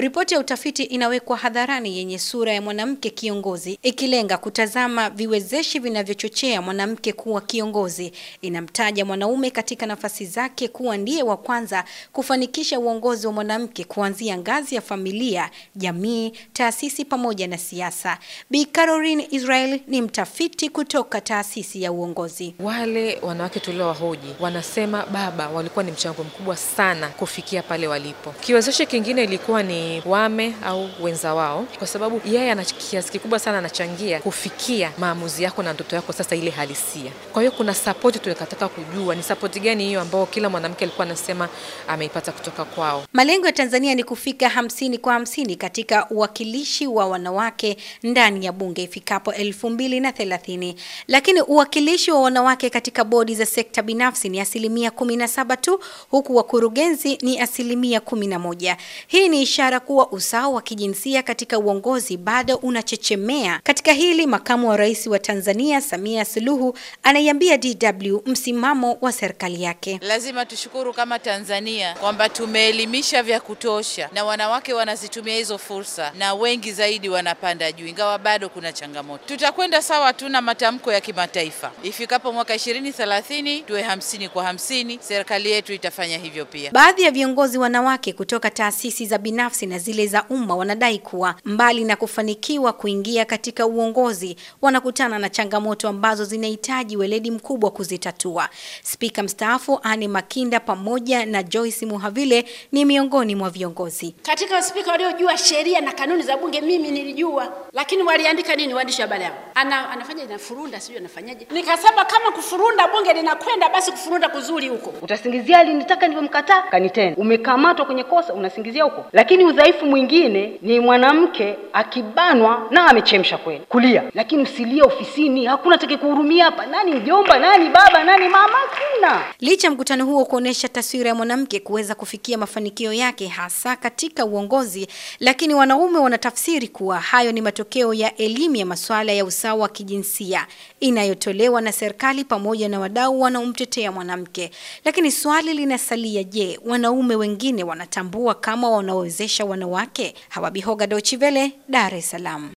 Ripoti ya utafiti inawekwa hadharani yenye sura ya mwanamke kiongozi ikilenga kutazama viwezeshi vinavyochochea mwanamke kuwa kiongozi. Inamtaja mwanaume katika nafasi zake kuwa ndiye wa kwanza kufanikisha uongozi wa mwanamke kuanzia ngazi ya familia, jamii, taasisi pamoja na siasa. Bi Caroline Israel ni mtafiti kutoka taasisi ya uongozi. Wale wanawake tuliowahoji wanasema baba walikuwa ni mchango mkubwa sana kufikia pale walipo. Kiwezeshi kingine ilikuwa ni wame au wenza wao, kwa sababu yeye ana kiasi kikubwa sana anachangia kufikia maamuzi yako na ndoto yako sasa ile halisia. Kwa hiyo kuna sapoti tunataka kujua ni sapoti gani hiyo ambayo kila mwanamke alikuwa anasema ameipata kutoka kwao. Malengo ya Tanzania ni kufika hamsini kwa hamsini katika uwakilishi wa wanawake ndani ya bunge ifikapo elfu mbili na thelathini, lakini uwakilishi wa wanawake katika bodi za sekta binafsi ni asilimia kumi na saba tu huku wakurugenzi ni asilimia kumi na moja. Hii ni ishara ishara kuwa usawa wa kijinsia katika uongozi bado unachechemea. Katika hili, makamu wa rais wa Tanzania Samia Suluhu anaiambia DW msimamo wa serikali yake. Lazima tushukuru kama Tanzania kwamba tumeelimisha vya kutosha na wanawake wanazitumia hizo fursa na wengi zaidi wanapanda juu, ingawa bado kuna changamoto. Tutakwenda sawa, tuna matamko ya kimataifa, ifikapo mwaka 2030 tuwe hamsini kwa hamsini. Serikali yetu itafanya hivyo pia. Baadhi ya viongozi wanawake kutoka taasisi za binafsi binafsi na zile za umma wanadai kuwa mbali na kufanikiwa kuingia katika uongozi, wanakutana na changamoto ambazo zinahitaji weledi mkubwa kuzitatua. Spika mstaafu Anne Makinda pamoja na Joyce Muhavile ni miongoni mwa viongozi. Katika spika waliojua sheria na kanuni za bunge mimi nilijua, lakini waliandika nini waandishi habari hapo? Ana, anafanya inafurunda sio anafanyaje. Nikasema kama kufurunda bunge linakwenda basi kufurunda kuzuri huko. Utasingizia alinitaka nilipomkataa kanitena. Umekamatwa kwenye kosa unasingizia huko. Lakini udhaifu mwingine ni mwanamke akibanwa na amechemsha kweli kulia, lakini usilie ofisini, hakuna kuhurumia hapa. Nani mjomba, nani baba, nani mama? Hakuna. Licha mkutano huo kuonesha taswira ya mwanamke kuweza kufikia mafanikio yake hasa katika uongozi, lakini wanaume wanatafsiri kuwa hayo ni matokeo ya elimu ya masuala ya usawa wa kijinsia inayotolewa na serikali pamoja na wadau wanaomtetea mwanamke. Lakini swali linasalia, je, wanaume wengine wanatambua kama wanawezesha wanawake. Hawabihoga, Dochivele, Dar es Salaam.